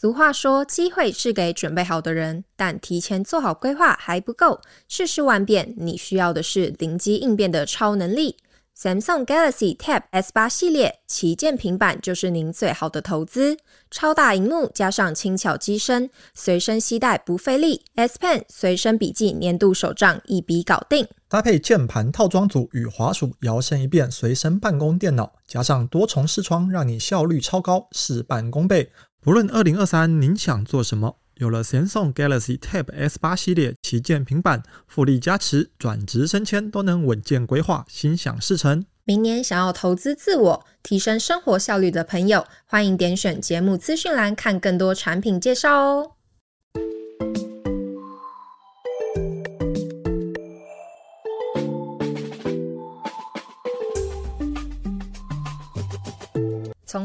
俗話說，機會是給準備好的人，但提前做好規劃還不夠。世事萬變，你需要的是靈機應變的超能力。Samsung Galaxy Tab S8 系列旗艦平板就是您最好的投資。超大螢幕加上輕巧機身，隨身攜帶不費力。S Pen 隨身筆記年度手賬，一筆搞定。搭配鍵盤套裝組與滑鼠，搖身一變隨身辦公電腦。加上多重視窗，讓你效率超高，事半功倍。不論2023您想做什麼，有了 Samsung Galaxy Tab S8 系列旗艦平板，複利加持，轉職升遷都能穩健規劃，心想事成。明年想要投資自我、提升生活效率的朋友，歡迎點選節目資訊欄看更多產品介紹哦。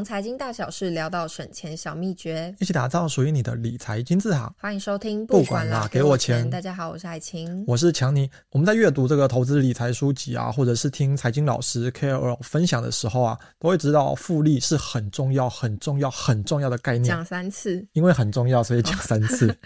財經大小事，聊到省錢小秘訣，一起打造屬於你的理財金字塔。歡迎收聽，不管啦，給我錢。大家好，我是海晴，我是強尼。我們在閱讀這個投資理財書籍啊，或者是聽財經老師 KOL 分享的時候啊，都會知道複利是很重要、很重要、很重要的概念。講三次，因為很重要，所以講三次。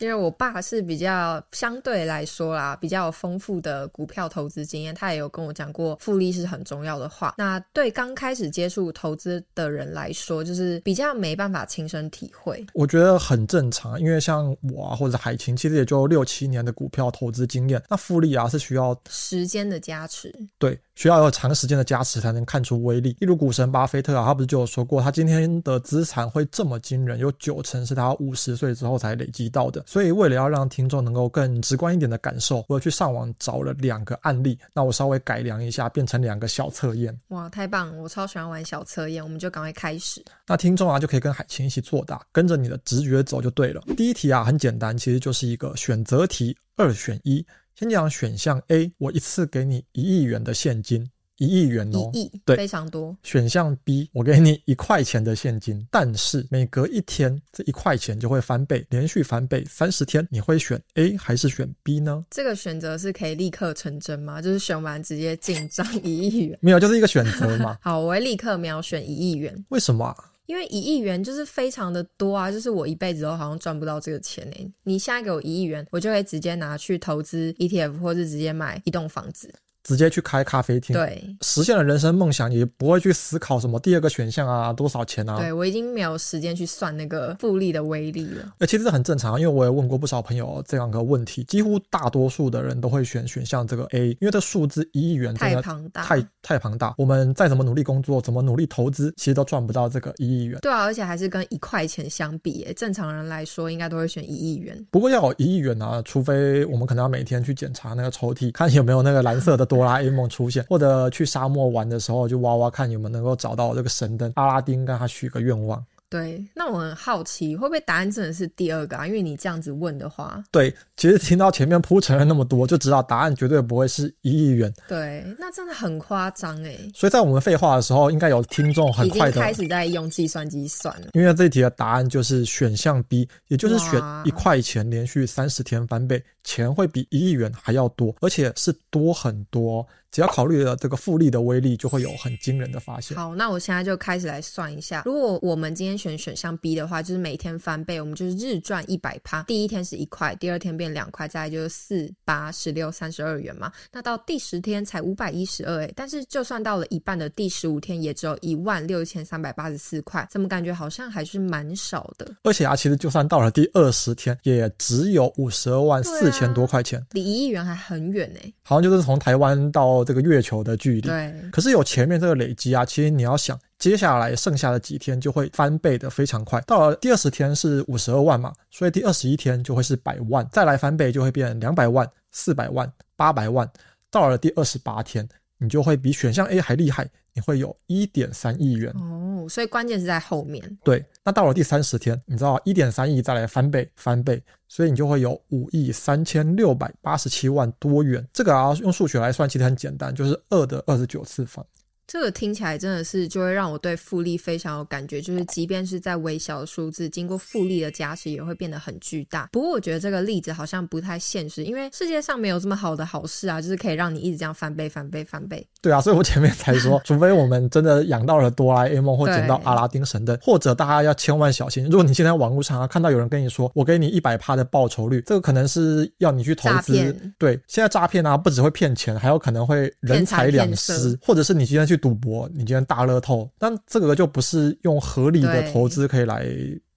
因為我爸是比較相對來說啦，比較有豐富的股票投資經驗，他也有跟我講過複利是很重要的話。那對剛開始接觸投資的人來說，就是比較沒辦法親身體會。我覺得很正常，因為像我啊，或者海晴，其實也就六七年的股票投資經驗。那複利啊，是需要時間的加持，對，需要有長時間的加持才能看出威力。例如股神巴菲特啊，他不是就有說過，他今天的資產會這麼驚人，有九成是他五十歲之後才累積到的。所以，為了要讓聽眾能夠更直觀一點的感受，我去上網找了兩個案例，那我稍微改良一下，變成兩個小測驗。哇，太棒了！我超喜歡玩小測驗，我們就趕快開始。那聽眾啊，就可以跟海清一起作答，跟着你的直覺走就對了。第一題啊，很簡單，其實就是一個選擇題，二選一。先講選項 A，我一次給你一億元的現金。一億元哦，億，對，非常多。選項 B，我給你一塊錢的現金，但是每隔一天這一塊錢就會翻倍，連續翻倍三十天，你會選 A 還是選 B 呢？這個選擇是可以立刻成真嗎？就是選完直接進賬一億元？沒有，就是一個選擇嘛。 好，我會立刻秒選一億元。為什麼、啊？因為一億元就是非常的多啊，就是我一輩子都好像賺不到這個錢哎、欸。你現在給我一億元，我就可以直接拿去投資 ETF，或者是直接買一棟房子。直接去開咖啡廳，對，實現了人生夢想，也不會去思考什麼第二個選項啊，多少錢啊？對，我已經沒有時間去算那個複利的威力了。那其實這很正常，因為我也問過不少朋友這樣一個問題，幾乎大多數的人都會選選項這個 A，因為這數字一億元太，太龐大，太太龐大，我們再怎麼努力工作，怎麼努力投資，其實都賺不到這個一億元。對啊，而且還是跟一塊錢相比，正常人來說應該都會選一億元。不過要有一億元啊，除非我們可能要每天去檢查那個抽屜，看有沒有那個藍色的多。嗯哆啦 A 夢出現，或者去沙漠玩的時候，就挖挖看有沒有能夠找到這個神燈，阿拉丁跟他許個願望。對，那我很好奇，會不會答案真的是第二個啊？因為你這樣子問的話，對，其實聽到前面鋪陳了那麼多，就知道答案絕對不會是一億元。對，那真的很誇張哎、欸！所以在我們廢話的時候，應該有聽眾很快的開始在用計算機算了。因為這題的答案就是選項 B，也就是選一塊錢連續三十天翻倍，哇錢會比一億元還要多，而且是多很多。只要考慮了這個複利的威力，就會有很驚人的發現。好，那我現在就開始來算一下，如果我們今天選選項 B 的話，就是每天翻倍，我們就是日賺一百趴。第一天是一塊，第二天變兩塊，再來就是四、八、十六、三十二元嘛。那到第十天才五百一十二欸，但是就算到了一半的第十五天，也只有一萬六千三百八十四塊，怎麼感覺好像還是蠻少的？而且啊，其實就算到了第二十天，也只有五十二萬四千多塊錢，離一億元還很遠呢，欸。好像就是從台灣到。這個月球的距離，對可是有前面這個累積啊，其實你要想，接下來剩下的幾天就會翻倍的非常快。到了第二十天是五十二萬嘛，所以第二十一天就會是百萬，再來翻倍就會變兩百萬、四百萬、八百萬，到了第二十八天。你就會比選項 A 還厲害，你會有1.3億元哦，oh, 所以關鍵是在後面。對，那到了第三十天，你知道1.3億再來翻倍，翻倍，所以你就會有5億3687萬多元。這個啊，用數學來算其實很簡單，就是二的二十九次方。這個聽起來真的是就會讓我對複利非常有感覺，就是即便是在微小的數字，經過複利的加持，也會變得很巨大。不過我覺得這個例子好像不太現實，因為世界上沒有這麼好的好事啊，就是可以讓你一直這樣翻倍、翻倍、翻倍。對啊，所以我前面才說，除非我們真的養到了哆啦 A 夢， 或撿到阿拉丁神燈，對或者大家要千萬小心。如果你現在網絡上啊，看到有人跟你說“我給你一百趴的報酬率”，這個可能是要你去投資。詐騙對，現在詐騙啊，不只會騙錢，還有可能會人財兩失，騙財騙色或者是你今天去。賭博，你今天大樂透，但這個就不是用合理的投資可以來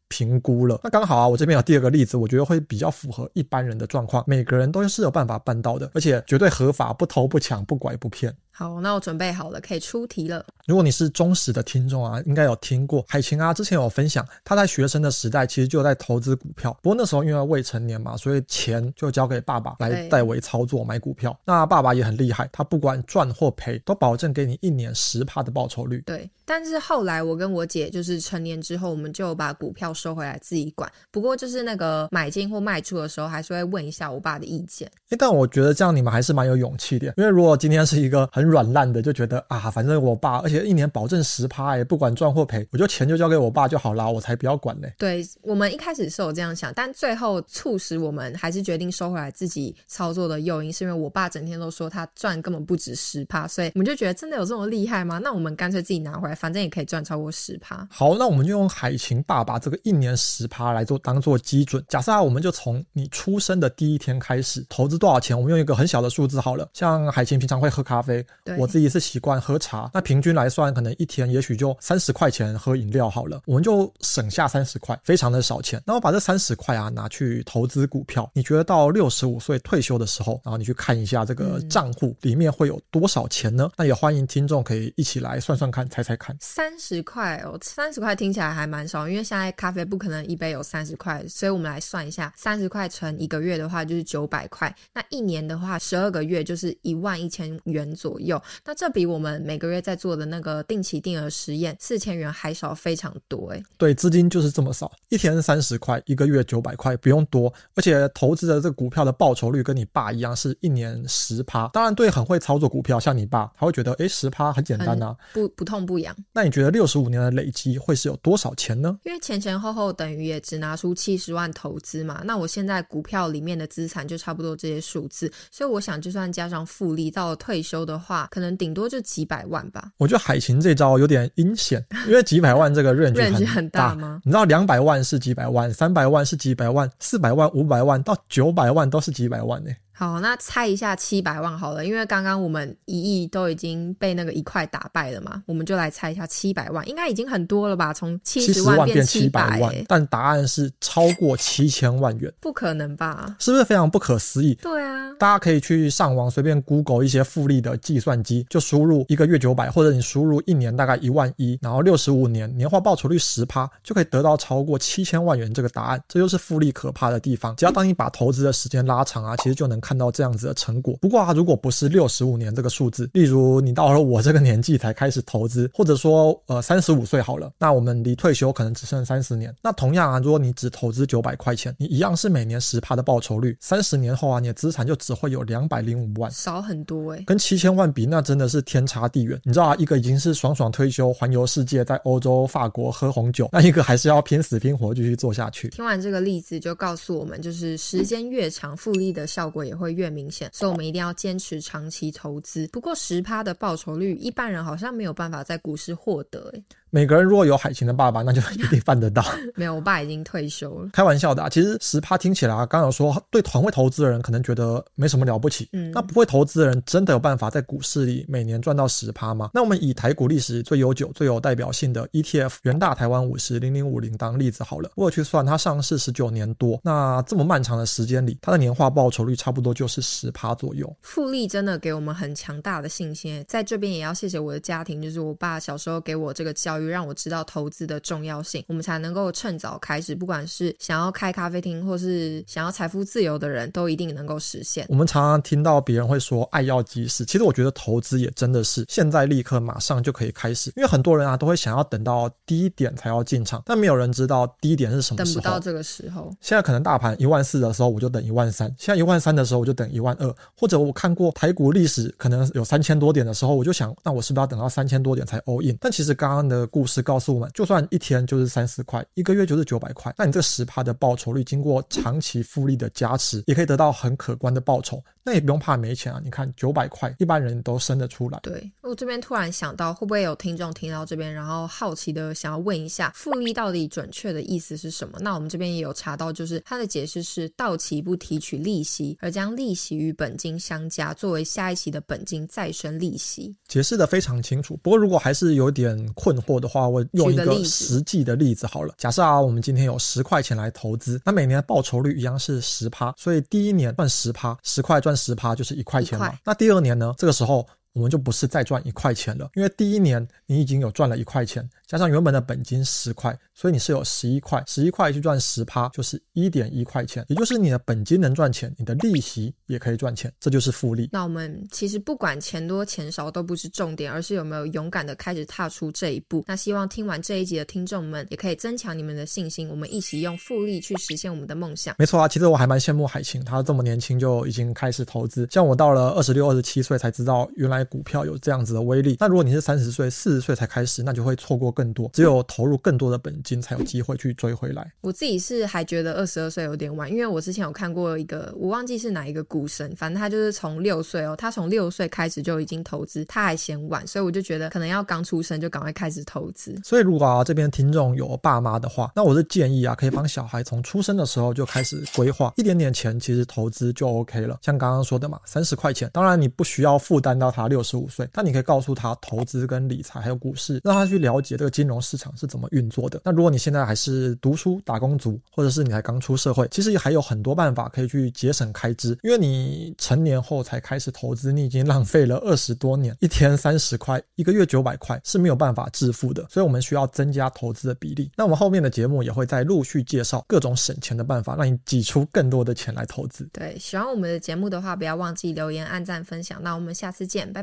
評估了。對那剛好啊，我這邊有第二個例子，我覺得會比較符合一般人的狀況，每個人都是有辦法辦到的，而且絕對合法，不偷不搶，不拐不騙。好，那我準備好了，可以出題了。如果你是忠實的聽眾啊，應該有聽過海晴啊，之前有分享，他在學生的時代其實就在投資股票，不過那時候因為未成年嘛，所以錢就交給爸爸來代為操作買股票。對那爸爸也很厲害，他不管賺或賠，都保證給你一年十趴的報酬率。對，但是後來我跟我姐就是成年之後，我們就把股票收回來自己管。不過就是那個買進或賣出的時候，還是會問一下我爸的意見。哎、欸，但我覺得這樣你們還是蠻有勇氣的，因為如果今天是一個很軟爛的就覺得啊，反正我爸，而且一年保證十趴，也、欸、不管賺或賠，我就錢就交給我爸就好啦，我才不要管嘞、欸。對，我們一開始是有這樣想，但最後促使我們還是決定收回來自己操作的誘因，是因為我爸整天都說他賺根本不止十趴，所以我們就覺得真的有這麼厲害嗎？那我們乾脆自己拿回來，反正也可以賺超過十趴。好，那我們就用海晴爸把這個一年十趴來做當做基準，假設啊，我們就從你出生的第一天開始投資多少錢？我們用一個很小的數字好了，像海晴平常會喝咖啡。對我自己是習慣喝茶，那平均來算，可能一天也許就三十塊錢喝飲料好了，我們就省下三十塊，非常的少錢。那我把這三十塊啊拿去投資股票，你覺得到六十五歲退休的時候，然後你去看一下這個賬戶裡面會有多少錢呢？嗯，那也歡迎聽眾可以一起來算算看，猜猜看。三十塊，哦，三十塊聽起來還蠻少，因為現在咖啡不可能一杯有三十塊，所以我們來算一下，三十塊乘一個月的話就是九百塊，那一年的話，十二個月就是一萬一千元左右。有，那這比我們每個月在做的那個定期定額實驗四千元還少非常多哎、欸，對，資金就是這麼少，一天三十塊，一個月九百塊，不用多，而且投資的這個股票的報酬率跟你爸一樣，是一年十趴。當然，對很會操作股票像你爸，他會覺得哎十趴很簡單啊，嗯、不不痛不癢。那你覺得六十五年的累積會是有多少錢呢？因為前前後後等於也只拿出七十萬投資嘛，那我現在股票裡面的資產就差不多這些數字，所以我想就算加上複利到了退休的話。可能頂多就幾百萬吧。我覺得海晴這招有點陰險，因為幾百萬這個認知，認知很大嗎？你知道，兩百萬是幾百萬，三百萬是幾百萬，四百萬、五百萬到九百萬都是幾百萬，欸。好，那猜一下七百萬好了，因為剛剛我們一億都已經被那個一塊打敗了嘛，我們就來猜一下七百萬，應該已經很多了吧？從七十萬變七百萬，七十萬變七百萬，欸，但答案是超過七千萬元，不可能吧？是不是非常不可思議？對啊，大家可以去上網隨便 Google 一些複利的計算機，就輸入一個月九百，或者你輸入一年大概一萬一，然後六十五年，年化報酬率十趴，就可以得到超過七千萬元這個答案。這就是複利可怕的地方，只要當你把投資的時間拉長啊，其實就能看到這樣子的成果。不過啊，如果不是六十五年這個數字，例如你到了我這個年紀才開始投資，或者說呃三十五歲好了，那我們離退休可能只剩三十年。那同樣啊，如果你只投資九百塊錢，你一樣是每年十%的報酬率，三十年後啊，你的資產就只會有兩百零五萬，少很多誒、欸。跟七千萬比，那真的是天差地遠。你知道啊，一個已經是爽爽退休，環遊世界，在歐洲法國喝紅酒，那一個還是要拼死拼活繼續做下去。聽完這個例子，就告訴我們，就是時間越長，複利的效果也。會越明顯，所以我們一定要堅持長期投資。不過十趴的報酬率，一般人好像沒有辦法在股市獲得。每個人如果有海晴的爸爸，那就一定辦得到。 沒有，我爸已經退休了。開玩笑的啊，其實十趴聽起來啊，剛，剛有說，對團會投資的人可能覺得沒什麼了不起。嗯，那不會投資的人真的有辦法在股市裡每年賺到十趴嗎？那我們以台股歷史最悠久、最有代表性的 ETF 元大台灣五十零零五零當例子好了，我去算它上市十九年多，那這麼漫長的時間裡，它的年化報酬率差不多就是十趴左右。複利真的給我們很強大的信心，在這邊也要謝謝我的家庭，就是我爸小時候給我這個教育。讓我知道投資的重要性，我們才能夠趁早開始。不管是想要開咖啡廳，或是想要財富自由的人，都一定能夠實現。我們常常聽到別人會說“愛要及時”，其實我覺得投資也真的是現在立刻馬上就可以開始，因為很多人啊都會想要等到低點才要進場，但沒有人知道低點是什麼時候。等不到這個時候，現在可能大盤一萬四的時候，我就等一萬三；現在一萬三的時候，我就等一萬二。或者我看過台股歷史，可能有三千多點的時候，我就想，那我是不是要等到三千多點才 all in？但其實剛剛的。故事告訴我們，就算一天就是三四塊，一個月就是九百塊，那你這十趴的報酬率，經過長期複利的加持，也可以得到很可觀的報酬。那也不用怕沒錢啊！你看九百塊，一般人都生得出來。對，我這邊突然想到，會不會有聽眾聽到這邊，然後好奇的想要問一下，複利到底準確的意思是什麼？那我們這邊也有查到，就是它的解釋是：到期不提取利息，而將利息與本金相加，作為下一期的本金，再生利息。解釋的非常清楚。不過如果還是有點困惑的。的話，我用一個實際的例子好了。假設啊，我們今天有十塊錢來投資，那每年的報酬率一樣是十趴，所以第一年賺十趴，十塊賺十趴就是一塊錢嘛。一塊。那第二年呢？這個時候。我們就不是再賺一塊錢了，因為第一年你已經有賺了一塊錢，加上原本的本金十塊，所以你是有十一塊，十一塊去賺十趴，就是一點一塊錢，也就是你的本金能賺錢，你的利息也可以賺錢，這就是複利。那我們其實不管錢多錢少都不是重點，而是有沒有勇敢的開始踏出這一步。那希望聽完這一集的聽眾們也可以增強你們的信心，我們一起用複利去實現我們的夢想。沒錯啊，其實我還蠻羨慕海晴，他這麼年輕就已經開始投資，像我到了二十六、二十七歲才知道原來。股票有這樣子的威力，那如果你是三十歲、四十歲才開始，那就會錯過更多。只有投入更多的本金，才有機會去追回來。我自己是還覺得二十二歲有點晚，因為我之前有看過一個，我忘記是哪一個股神，反正他就是從六歲哦，他從六歲開始就已經投資，他還嫌晚，所以我就覺得可能要剛出生就趕快開始投資。所以如果啊，這邊聽眾有爸媽的話，那我是建議啊，可以幫小孩從出生的時候就開始規劃一點點錢，其實投資就 OK 了。像剛剛說的嘛，三十塊錢，當然你不需要負擔到他，六十五歲，那你可以告訴他投資跟理財還有股市，讓他去了解這個金融市場是怎麼運作的。那如果你現在還是讀書打工族，或者是你還剛出社會，其實還有很多辦法可以去節省開支，因為你成年後才開始投資，你已經浪費了二十多年，一天三十塊，一個月九百塊是沒有辦法致富的。所以我們需要增加投資的比例。那我們後面的節目也會再陸續介紹各種省錢的辦法，讓你擠出更多的錢來投資。對，喜歡我們的節目的話，不要忘記留言、按讚、分享。那我們下次見，拜